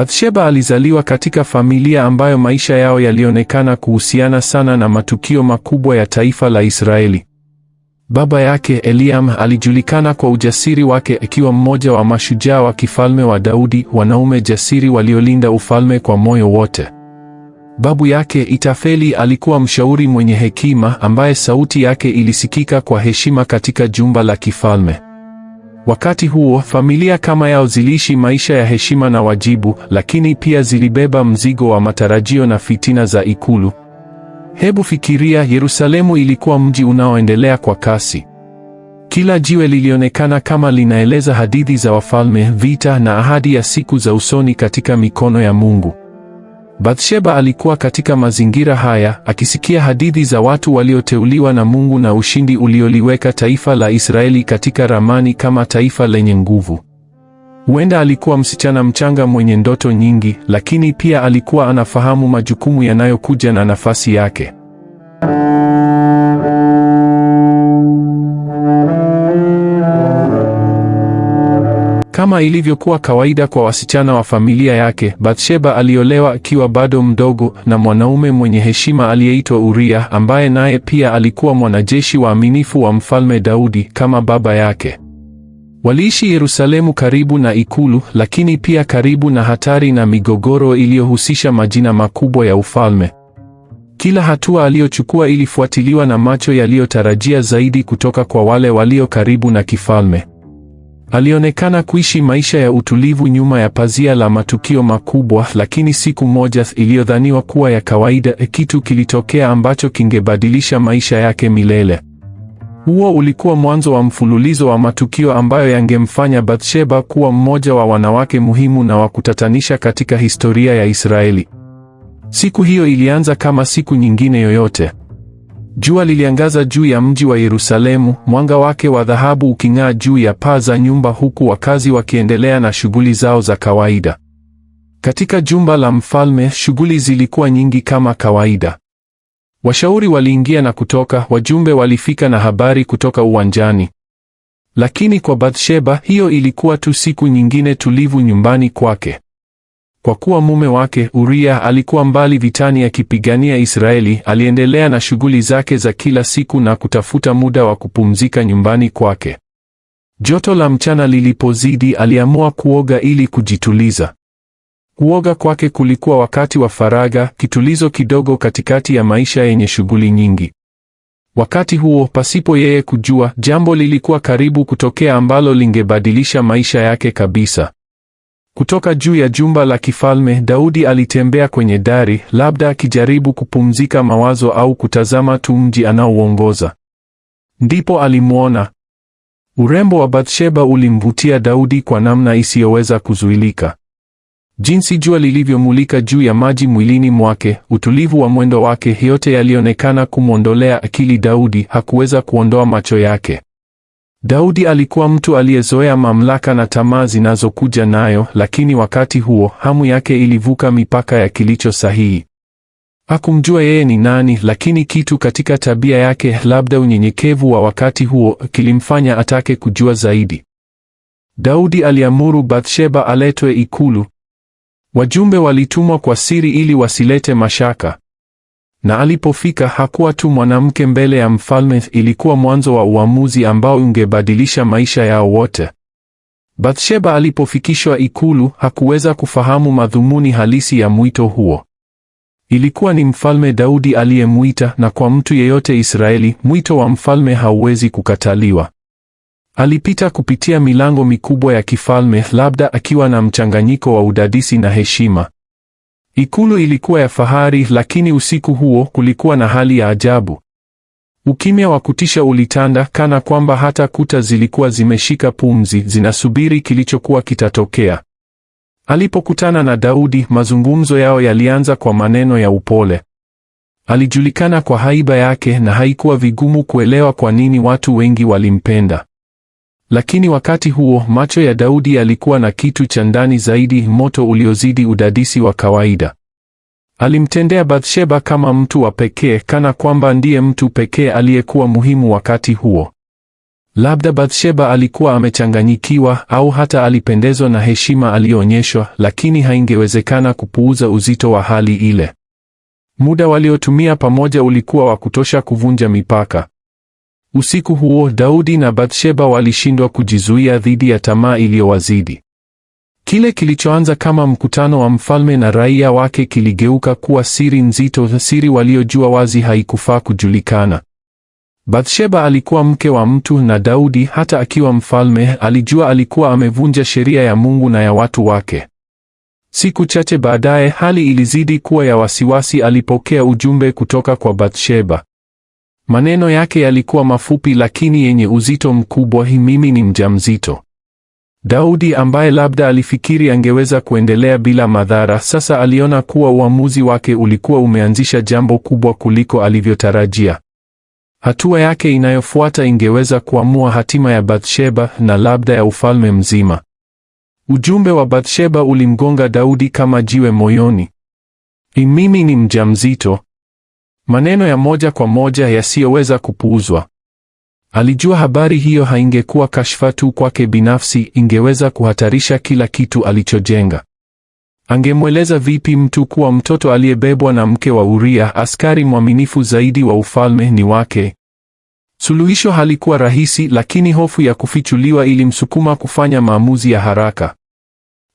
Bathsheba alizaliwa katika familia ambayo maisha yao yalionekana kuhusiana sana na matukio makubwa ya taifa la Israeli. Baba yake Eliam alijulikana kwa ujasiri wake akiwa mmoja wa mashujaa wa kifalme wa Daudi, wanaume jasiri waliolinda ufalme kwa moyo wote. Babu yake Itafeli alikuwa mshauri mwenye hekima ambaye sauti yake ilisikika kwa heshima katika jumba la kifalme. Wakati huo familia kama yao ziliishi maisha ya heshima na wajibu, lakini pia zilibeba mzigo wa matarajio na fitina za ikulu. Hebu fikiria, Yerusalemu ilikuwa mji unaoendelea kwa kasi. Kila jiwe lilionekana kama linaeleza hadithi za wafalme, vita na ahadi ya siku za usoni katika mikono ya Mungu. Bathsheba alikuwa katika mazingira haya akisikia hadithi za watu walioteuliwa na Mungu na ushindi ulioliweka taifa la Israeli katika ramani kama taifa lenye nguvu. Huenda alikuwa msichana mchanga mwenye ndoto nyingi, lakini pia alikuwa anafahamu majukumu yanayokuja na nafasi yake. Kama ilivyokuwa kawaida kwa wasichana wa familia yake, Bathsheba aliolewa akiwa bado mdogo na mwanaume mwenye heshima aliyeitwa Uria, ambaye naye pia alikuwa mwanajeshi waaminifu wa Mfalme Daudi kama baba yake. Waliishi Yerusalemu karibu na ikulu, lakini pia karibu na hatari na migogoro iliyohusisha majina makubwa ya ufalme. Kila hatua aliyochukua ilifuatiliwa na macho yaliyotarajia zaidi kutoka kwa wale walio karibu na kifalme. Alionekana kuishi maisha ya utulivu nyuma ya pazia la matukio makubwa, lakini siku moja iliyodhaniwa kuwa ya kawaida, kitu kilitokea ambacho kingebadilisha maisha yake milele. Huo ulikuwa mwanzo wa mfululizo wa matukio ambayo yangemfanya Bathsheba kuwa mmoja wa wanawake muhimu na wa kutatanisha katika historia ya Israeli. Siku hiyo ilianza kama siku nyingine yoyote. Jua liliangaza juu ya mji wa Yerusalemu, mwanga wake wa dhahabu uking'aa juu ya paa za nyumba, huku wakazi wakiendelea na shughuli zao za kawaida. Katika jumba la mfalme, shughuli zilikuwa nyingi kama kawaida. Washauri waliingia na kutoka, wajumbe walifika na habari kutoka uwanjani. Lakini kwa Bathsheba, hiyo ilikuwa tu siku nyingine tulivu nyumbani kwake. Kwa kuwa mume wake Uria alikuwa mbali vitani akipigania Israeli, aliendelea na shughuli zake za kila siku na kutafuta muda wa kupumzika nyumbani kwake. Joto la mchana lilipozidi, aliamua kuoga ili kujituliza. Kuoga kwake kulikuwa wakati wa faraga, kitulizo kidogo katikati ya maisha yenye shughuli nyingi. Wakati huo, pasipo yeye kujua, jambo lilikuwa karibu kutokea ambalo lingebadilisha maisha yake kabisa. Kutoka juu ya jumba la kifalme, Daudi alitembea kwenye dari, labda akijaribu kupumzika mawazo au kutazama tu mji anaoongoza Ndipo alimwona. Urembo wa Bathsheba ulimvutia Daudi kwa namna isiyoweza kuzuilika. Jinsi jua lilivyomulika juu ya maji mwilini mwake, utulivu wa mwendo wake, yote yalionekana kumwondolea akili. Daudi hakuweza kuondoa macho yake. Daudi alikuwa mtu aliyezoea mamlaka na tamaa zinazokuja nayo, lakini wakati huo hamu yake ilivuka mipaka ya kilicho sahihi. Hakumjua yeye ni nani, lakini kitu katika tabia yake, labda unyenyekevu wa wakati huo, kilimfanya atake kujua zaidi. Daudi aliamuru Bathsheba aletwe ikulu. Wajumbe walitumwa kwa siri ili wasilete mashaka. Na alipofika hakuwa tu mwanamke mbele ya mfalme, ilikuwa mwanzo wa uamuzi ambao ungebadilisha maisha yao wote. Bathsheba alipofikishwa ikulu, hakuweza kufahamu madhumuni halisi ya mwito huo. Ilikuwa ni Mfalme Daudi aliyemuita, na kwa mtu yeyote Israeli, mwito wa mfalme hauwezi kukataliwa. Alipita kupitia milango mikubwa ya kifalme, labda akiwa na mchanganyiko wa udadisi na heshima. Ikulu ilikuwa ya fahari, lakini usiku huo kulikuwa na hali ya ajabu. Ukimya wa kutisha ulitanda, kana kwamba hata kuta zilikuwa zimeshika pumzi, zinasubiri kilichokuwa kitatokea. Alipokutana na Daudi, mazungumzo yao yalianza kwa maneno ya upole. Alijulikana kwa haiba yake na haikuwa vigumu kuelewa kwa nini watu wengi walimpenda. Lakini wakati huo macho ya Daudi yalikuwa na kitu cha ndani zaidi, moto uliozidi udadisi wa kawaida. Alimtendea Bathsheba kama mtu wa pekee, kana kwamba ndiye mtu pekee aliyekuwa muhimu wakati huo. Labda Bathsheba alikuwa amechanganyikiwa au hata alipendezwa na heshima aliyoonyeshwa, lakini haingewezekana kupuuza uzito wa hali ile. Muda waliotumia pamoja ulikuwa wa kutosha kuvunja mipaka. Usiku huo Daudi na Bathsheba walishindwa kujizuia dhidi ya tamaa iliyowazidi. Kile kilichoanza kama mkutano wa mfalme na raia wake kiligeuka kuwa siri nzito, siri waliojua wazi haikufaa kujulikana. Bathsheba alikuwa mke wa mtu na Daudi hata akiwa mfalme alijua alikuwa amevunja sheria ya Mungu na ya watu wake. Siku chache baadaye hali ilizidi kuwa ya wasiwasi alipokea ujumbe kutoka kwa Bathsheba. Maneno yake yalikuwa mafupi lakini yenye uzito mkubwa, mimi ni mjamzito. Daudi ambaye labda alifikiri angeweza kuendelea bila madhara, sasa aliona kuwa uamuzi wake ulikuwa umeanzisha jambo kubwa kuliko alivyotarajia. Hatua yake inayofuata ingeweza kuamua hatima ya Bathsheba na labda ya ufalme mzima. Ujumbe wa Bathsheba ulimgonga Daudi kama jiwe moyoni. Mimi ni mjamzito maneno ya moja kwa moja yasiyoweza kupuuzwa. Alijua habari hiyo haingekuwa kashfa tu kwake binafsi, ingeweza kuhatarisha kila kitu alichojenga. Angemweleza vipi mtu kuwa mtoto aliyebebwa na mke wa Uria, askari mwaminifu zaidi wa ufalme, ni wake? Suluhisho halikuwa rahisi, lakini hofu ya kufichuliwa ilimsukuma kufanya maamuzi ya haraka.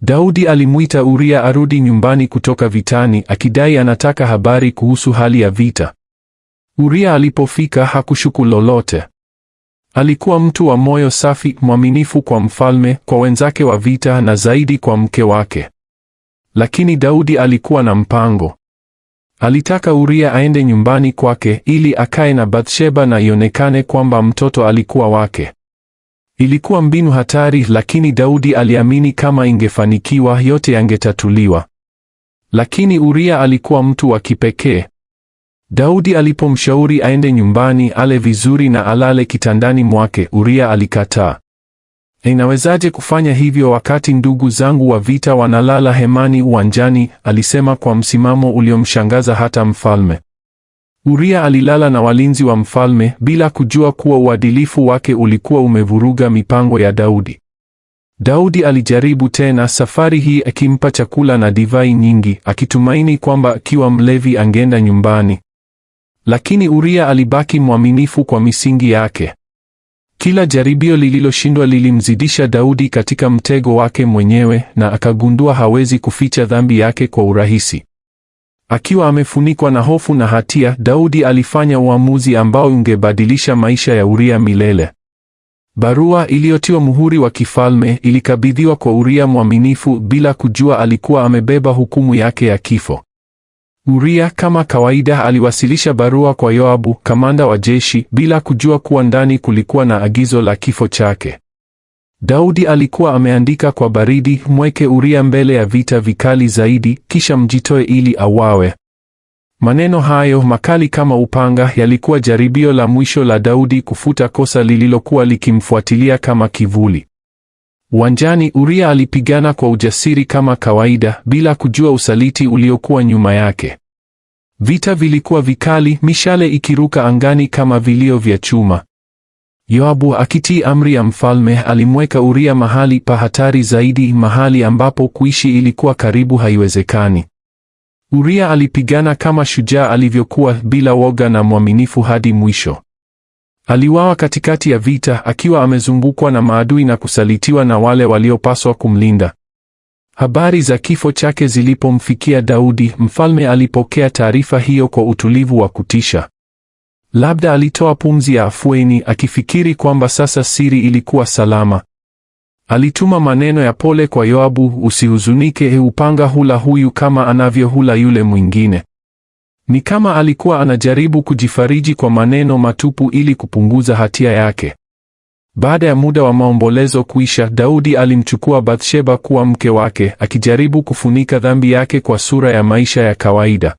Daudi alimwita Uria arudi nyumbani kutoka vitani, akidai anataka habari kuhusu hali ya vita. Uria alipofika hakushuku lolote. Alikuwa mtu wa moyo safi, mwaminifu kwa mfalme, kwa wenzake wa vita na zaidi kwa mke wake. Lakini Daudi alikuwa na mpango. Alitaka Uria aende nyumbani kwake ili akae na Bathsheba na ionekane kwamba mtoto alikuwa wake. Ilikuwa mbinu hatari, lakini Daudi aliamini kama ingefanikiwa, yote yangetatuliwa. Lakini Uria alikuwa mtu wa kipekee. Daudi alipomshauri aende nyumbani, ale vizuri na alale kitandani mwake, Uria alikataa. Inawezaje kufanya hivyo wakati ndugu zangu wa vita wanalala hemani uwanjani? Alisema kwa msimamo uliomshangaza hata mfalme. Uria alilala na walinzi wa mfalme bila kujua kuwa uadilifu wake ulikuwa umevuruga mipango ya Daudi. Daudi alijaribu tena, safari hii akimpa chakula na divai nyingi, akitumaini kwamba akiwa mlevi angeenda nyumbani. Lakini Uria alibaki mwaminifu kwa misingi yake. Kila jaribio lililoshindwa lilimzidisha Daudi katika mtego wake mwenyewe na akagundua hawezi kuficha dhambi yake kwa urahisi. Akiwa amefunikwa na hofu na hatia, Daudi alifanya uamuzi ambao ungebadilisha maisha ya Uria milele. Barua iliyotiwa muhuri wa kifalme ilikabidhiwa kwa Uria mwaminifu bila kujua alikuwa amebeba hukumu yake ya kifo. Uria kama kawaida aliwasilisha barua kwa Yoabu, kamanda wa jeshi, bila kujua kuwa ndani kulikuwa na agizo la kifo chake. Daudi alikuwa ameandika kwa baridi, mweke Uria mbele ya vita vikali zaidi, kisha mjitoe ili awawe. Maneno hayo makali kama upanga yalikuwa jaribio la mwisho la Daudi kufuta kosa lililokuwa likimfuatilia kama kivuli. Uwanjani, Uria alipigana kwa ujasiri kama kawaida, bila kujua usaliti uliokuwa nyuma yake. Vita vilikuwa vikali, mishale ikiruka angani kama vilio vya chuma. Yoabu akitii amri ya mfalme alimweka Uria mahali pa hatari zaidi, mahali ambapo kuishi ilikuwa karibu haiwezekani. Uria alipigana kama shujaa alivyokuwa, bila woga na mwaminifu hadi mwisho. Aliwawa katikati ya vita akiwa amezungukwa na maadui na kusalitiwa na wale waliopaswa kumlinda. Habari za kifo chake zilipomfikia Daudi, mfalme alipokea taarifa hiyo kwa utulivu wa kutisha. Labda alitoa pumzi ya afueni akifikiri kwamba sasa siri ilikuwa salama. Alituma maneno ya pole kwa Yoabu, usihuzunike, e upanga hula huyu kama anavyohula yule mwingine. Ni kama alikuwa anajaribu kujifariji kwa maneno matupu ili kupunguza hatia yake. Baada ya muda wa maombolezo kuisha, Daudi alimchukua Bathsheba kuwa mke wake, akijaribu kufunika dhambi yake kwa sura ya maisha ya kawaida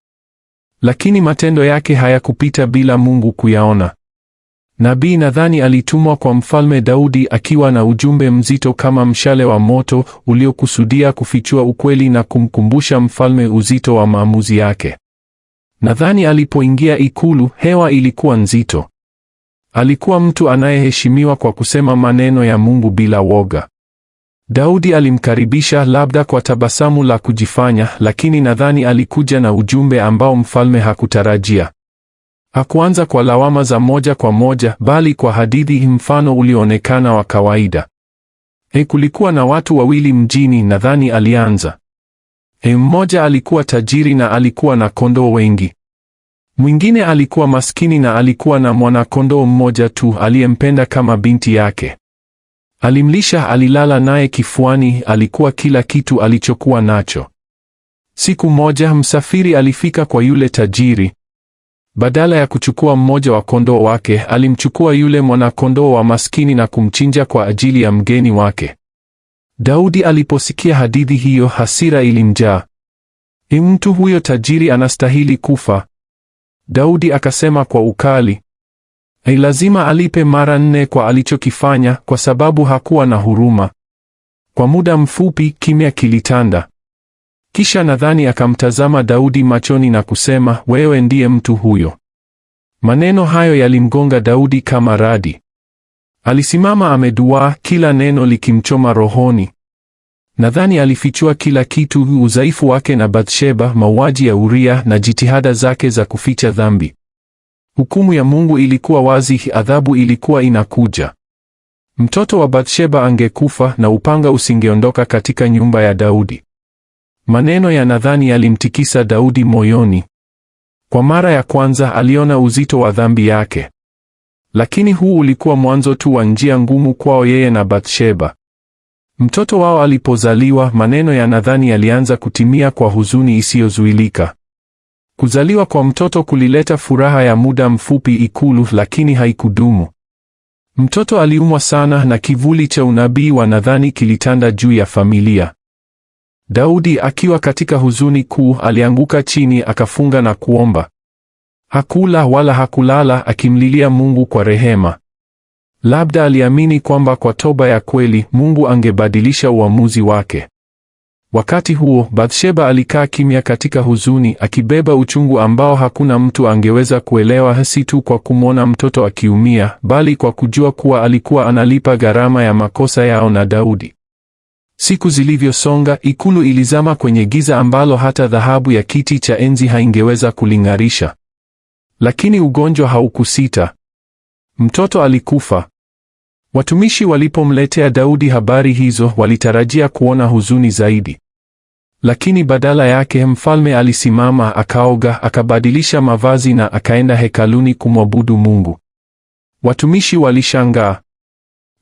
lakini matendo yake hayakupita bila Mungu kuyaona. Nabii nadhani alitumwa kwa Mfalme Daudi akiwa na ujumbe mzito kama mshale wa moto uliokusudia kufichua ukweli na kumkumbusha mfalme uzito wa maamuzi yake. Nadhani alipoingia ikulu, hewa ilikuwa nzito. Alikuwa mtu anayeheshimiwa kwa kusema maneno ya Mungu bila woga. Daudi alimkaribisha labda kwa tabasamu la kujifanya, lakini nadhani alikuja na ujumbe ambao mfalme hakutarajia. Hakuanza kwa lawama za moja kwa moja, bali kwa hadithi, mfano ulioonekana wa kawaida. He, kulikuwa na watu wawili mjini, nadhani alianza. He, mmoja alikuwa tajiri na alikuwa na kondoo wengi. Mwingine alikuwa maskini na alikuwa na mwanakondoo mmoja tu aliyempenda kama binti yake. Alimlisha, alilala naye kifuani, alikuwa kila kitu alichokuwa nacho. Siku moja msafiri alifika kwa yule tajiri. Badala ya kuchukua mmoja wa kondoo wake, alimchukua yule mwanakondoo wa maskini na kumchinja kwa ajili ya mgeni wake. Daudi aliposikia hadithi hiyo, hasira ilimjaa. ni e Mtu huyo tajiri anastahili kufa. Daudi akasema kwa ukali, ni lazima alipe mara nne kwa alichokifanya kwa sababu hakuwa na huruma. Kwa muda mfupi kimya kilitanda. Kisha nadhani akamtazama Daudi machoni na kusema, wewe ndiye mtu huyo. Maneno hayo yalimgonga Daudi kama radi. Alisimama ameduaa, kila neno likimchoma rohoni. Nadhani alifichua kila kitu: udhaifu wake na Bathsheba, mauaji ya Uria na jitihada zake za kuficha dhambi. Hukumu ya Mungu ilikuwa wazi, adhabu ilikuwa inakuja. Mtoto wa Bathsheba angekufa na upanga usingeondoka katika nyumba ya Daudi. Maneno ya Nathani yalimtikisa Daudi moyoni. Kwa mara ya kwanza aliona uzito wa dhambi yake. Lakini huu ulikuwa mwanzo tu wa njia ngumu kwao yeye na Bathsheba. Mtoto wao alipozaliwa, maneno ya Nathani yalianza kutimia kwa huzuni isiyozuilika. Kuzaliwa kwa mtoto kulileta furaha ya muda mfupi Ikulu, lakini haikudumu. Mtoto aliumwa sana na kivuli cha unabii wa nadhani kilitanda juu ya familia. Daudi akiwa katika huzuni kuu, alianguka chini akafunga na kuomba. Hakula wala hakulala, akimlilia Mungu kwa rehema. Labda aliamini kwamba kwa toba ya kweli Mungu angebadilisha uamuzi wake. Wakati huo Bathsheba alikaa kimya katika huzuni, akibeba uchungu ambao hakuna mtu angeweza kuelewa, si tu kwa kumwona mtoto akiumia, bali kwa kujua kuwa alikuwa analipa gharama ya makosa yao na Daudi. Siku zilivyosonga, ikulu ilizama kwenye giza ambalo hata dhahabu ya kiti cha enzi haingeweza kuling'arisha. Lakini ugonjwa haukusita. Mtoto alikufa. Watumishi walipomletea Daudi habari hizo, walitarajia kuona huzuni zaidi. Lakini badala yake mfalme alisimama, akaoga, akabadilisha mavazi na akaenda hekaluni kumwabudu Mungu. Watumishi walishangaa.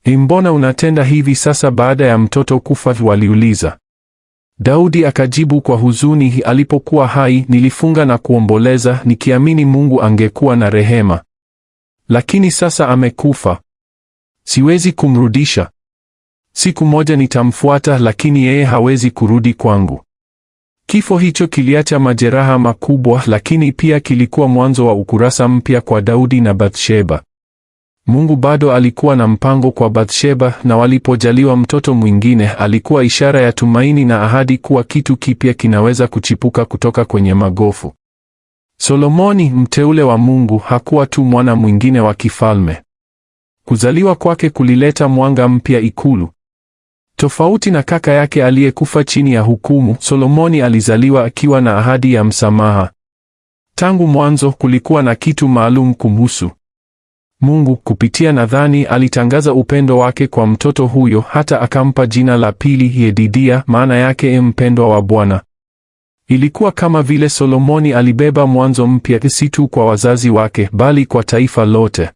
E, mbona unatenda hivi sasa baada ya mtoto kufa? waliuliza. Daudi akajibu kwa huzuni, alipokuwa hai nilifunga na kuomboleza nikiamini Mungu angekuwa na rehema, lakini sasa amekufa. Siwezi kumrudisha. Siku moja nitamfuata, lakini yeye hawezi kurudi kwangu. Kifo hicho kiliacha majeraha makubwa, lakini pia kilikuwa mwanzo wa ukurasa mpya kwa Daudi na Bathsheba. Mungu bado alikuwa na mpango kwa Bathsheba, na walipojaliwa mtoto mwingine, alikuwa ishara ya tumaini na ahadi kuwa kitu kipya kinaweza kuchipuka kutoka kwenye magofu. Solomoni, mteule wa Mungu, hakuwa tu mwana mwingine wa kifalme, Kuzaliwa kwake kulileta mwanga mpya ikulu. Tofauti na kaka yake aliyekufa chini ya hukumu, Solomoni alizaliwa akiwa na ahadi ya msamaha. Tangu mwanzo kulikuwa na kitu maalum kumhusu. Mungu kupitia Nadhani alitangaza upendo wake kwa mtoto huyo, hata akampa jina la pili Yedidia, maana yake e mpendwa wa Bwana. Ilikuwa kama vile Solomoni alibeba mwanzo mpya, si tu kwa wazazi wake, bali kwa taifa lote.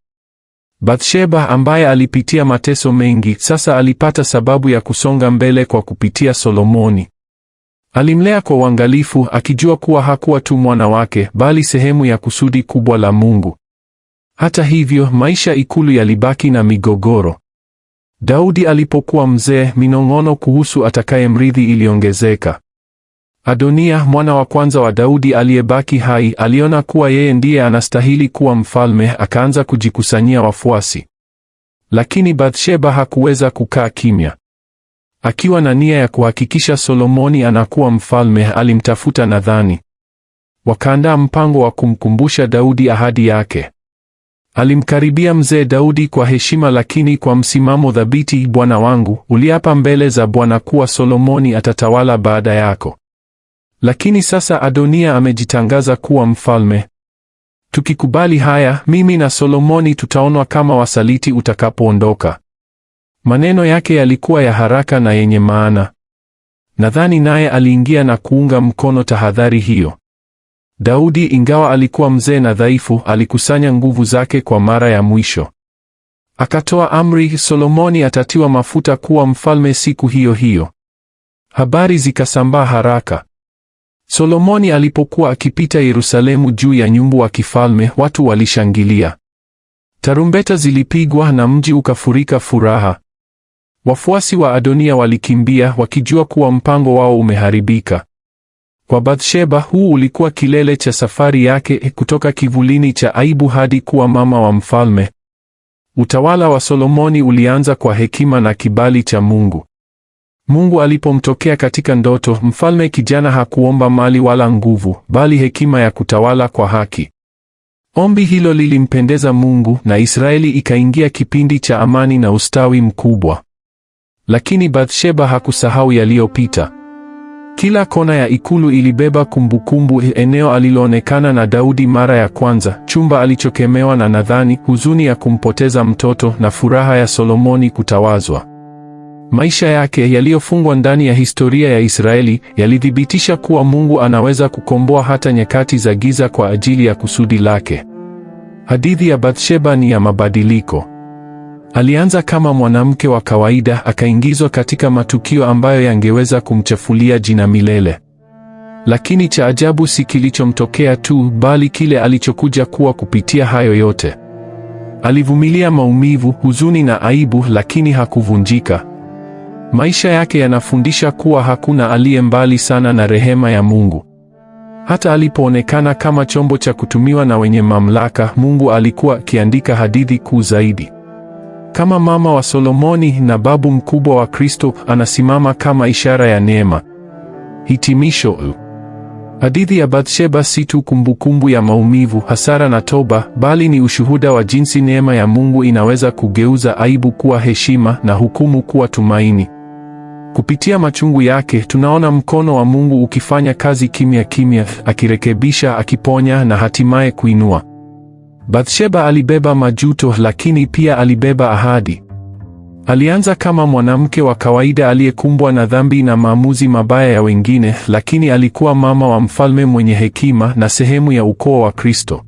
Bathsheba ambaye alipitia mateso mengi, sasa alipata sababu ya kusonga mbele kwa kupitia Solomoni. Alimlea kwa uangalifu akijua kuwa hakuwa tu mwana wake bali sehemu ya kusudi kubwa la Mungu. Hata hivyo, maisha ikulu yalibaki na migogoro. Daudi alipokuwa mzee, minong'ono kuhusu atakayemrithi iliongezeka. Adonia mwana wa kwanza wa Daudi aliyebaki hai aliona kuwa yeye ndiye anastahili kuwa mfalme, akaanza kujikusanyia wafuasi. Lakini Bathsheba hakuweza kukaa kimya. Akiwa na nia ya kuhakikisha Solomoni anakuwa mfalme, alimtafuta Nadhani. Wakaandaa mpango wa kumkumbusha Daudi ahadi yake. Alimkaribia mzee Daudi kwa heshima lakini kwa msimamo thabiti. Bwana wangu, uliapa mbele za Bwana kuwa Solomoni atatawala baada yako. Lakini sasa Adonia amejitangaza kuwa mfalme. Tukikubali haya, mimi na Solomoni tutaonwa kama wasaliti utakapoondoka. Maneno yake yalikuwa ya haraka na yenye maana. Nadhani naye aliingia na kuunga mkono tahadhari hiyo. Daudi, ingawa alikuwa mzee na dhaifu, alikusanya nguvu zake kwa mara ya mwisho. Akatoa amri, Solomoni atatiwa mafuta kuwa mfalme siku hiyo hiyo. Habari zikasambaa haraka. Solomoni alipokuwa akipita Yerusalemu juu ya nyumbu wa kifalme, watu walishangilia. Tarumbeta zilipigwa na mji ukafurika furaha. Wafuasi wa Adonia walikimbia wakijua kuwa mpango wao umeharibika. Kwa Bathsheba huu ulikuwa kilele cha safari yake eh, kutoka kivulini cha aibu hadi kuwa mama wa mfalme. Utawala wa Solomoni ulianza kwa hekima na kibali cha Mungu. Mungu alipomtokea katika ndoto, mfalme kijana hakuomba mali wala nguvu, bali hekima ya kutawala kwa haki. Ombi hilo lilimpendeza Mungu na Israeli ikaingia kipindi cha amani na ustawi mkubwa. Lakini Bathsheba hakusahau yaliyopita. Kila kona ya ikulu ilibeba kumbukumbu, eneo aliloonekana na Daudi mara ya kwanza, chumba alichokemewa na Nadhani, huzuni ya kumpoteza mtoto na furaha ya Solomoni kutawazwa. Maisha yake yaliyofungwa ndani ya historia ya Israeli yalithibitisha kuwa Mungu anaweza kukomboa hata nyakati za giza kwa ajili ya kusudi lake. Hadithi ya Bathsheba ni ya mabadiliko. Alianza kama mwanamke wa kawaida, akaingizwa katika matukio ambayo yangeweza kumchafulia jina milele. Lakini cha ajabu si kilichomtokea tu, bali kile alichokuja kuwa kupitia hayo yote. Alivumilia maumivu, huzuni na aibu, lakini hakuvunjika. Maisha yake yanafundisha kuwa hakuna aliye mbali sana na rehema ya Mungu. Hata alipoonekana kama chombo cha kutumiwa na wenye mamlaka, Mungu alikuwa akiandika hadithi kuu zaidi. Kama mama wa Solomoni na babu mkubwa wa Kristo, anasimama kama ishara ya neema. Hitimisho. Hadithi ya Bathsheba si tu kumbukumbu ya maumivu, hasara na toba, bali ni ushuhuda wa jinsi neema ya Mungu inaweza kugeuza aibu kuwa heshima na hukumu kuwa tumaini. Kupitia machungu yake tunaona mkono wa Mungu ukifanya kazi kimya kimya, akirekebisha, akiponya na hatimaye kuinua. Bathsheba alibeba majuto, lakini pia alibeba ahadi. Alianza kama mwanamke wa kawaida aliyekumbwa na dhambi na maamuzi mabaya ya wengine, lakini alikuwa mama wa mfalme mwenye hekima na sehemu ya ukoo wa Kristo.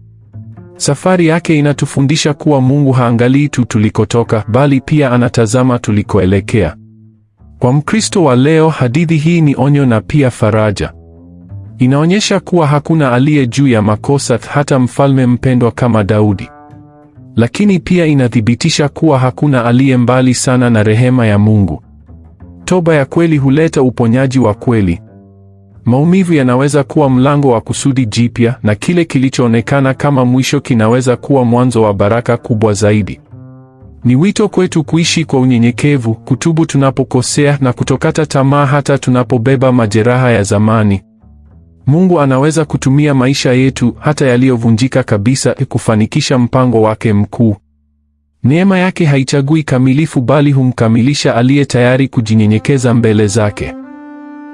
Safari yake inatufundisha kuwa Mungu haangalii tu tulikotoka, bali pia anatazama tulikoelekea. Kwa Mkristo wa leo, hadithi hii ni onyo na pia faraja. Inaonyesha kuwa hakuna aliye juu ya makosa, hata mfalme mpendwa kama Daudi. Lakini pia inathibitisha kuwa hakuna aliye mbali sana na rehema ya Mungu. Toba ya kweli huleta uponyaji wa kweli. Maumivu yanaweza kuwa mlango wa kusudi jipya, na kile kilichoonekana kama mwisho kinaweza kuwa mwanzo wa baraka kubwa zaidi. Ni wito kwetu kuishi kwa unyenyekevu, kutubu tunapokosea na kutokata tamaa hata tunapobeba majeraha ya zamani. Mungu anaweza kutumia maisha yetu hata yaliyovunjika kabisa kufanikisha mpango wake mkuu. Neema yake haichagui kamilifu bali humkamilisha aliye tayari kujinyenyekeza mbele zake.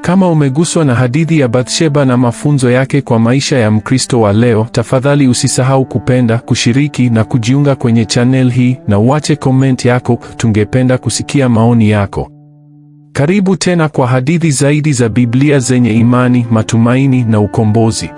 Kama umeguswa na hadithi ya Bathsheba na mafunzo yake kwa maisha ya Mkristo wa leo, tafadhali usisahau kupenda, kushiriki na kujiunga kwenye channel hii na uache comment yako. Tungependa kusikia maoni yako. Karibu tena kwa hadithi zaidi za Biblia zenye imani, matumaini na ukombozi.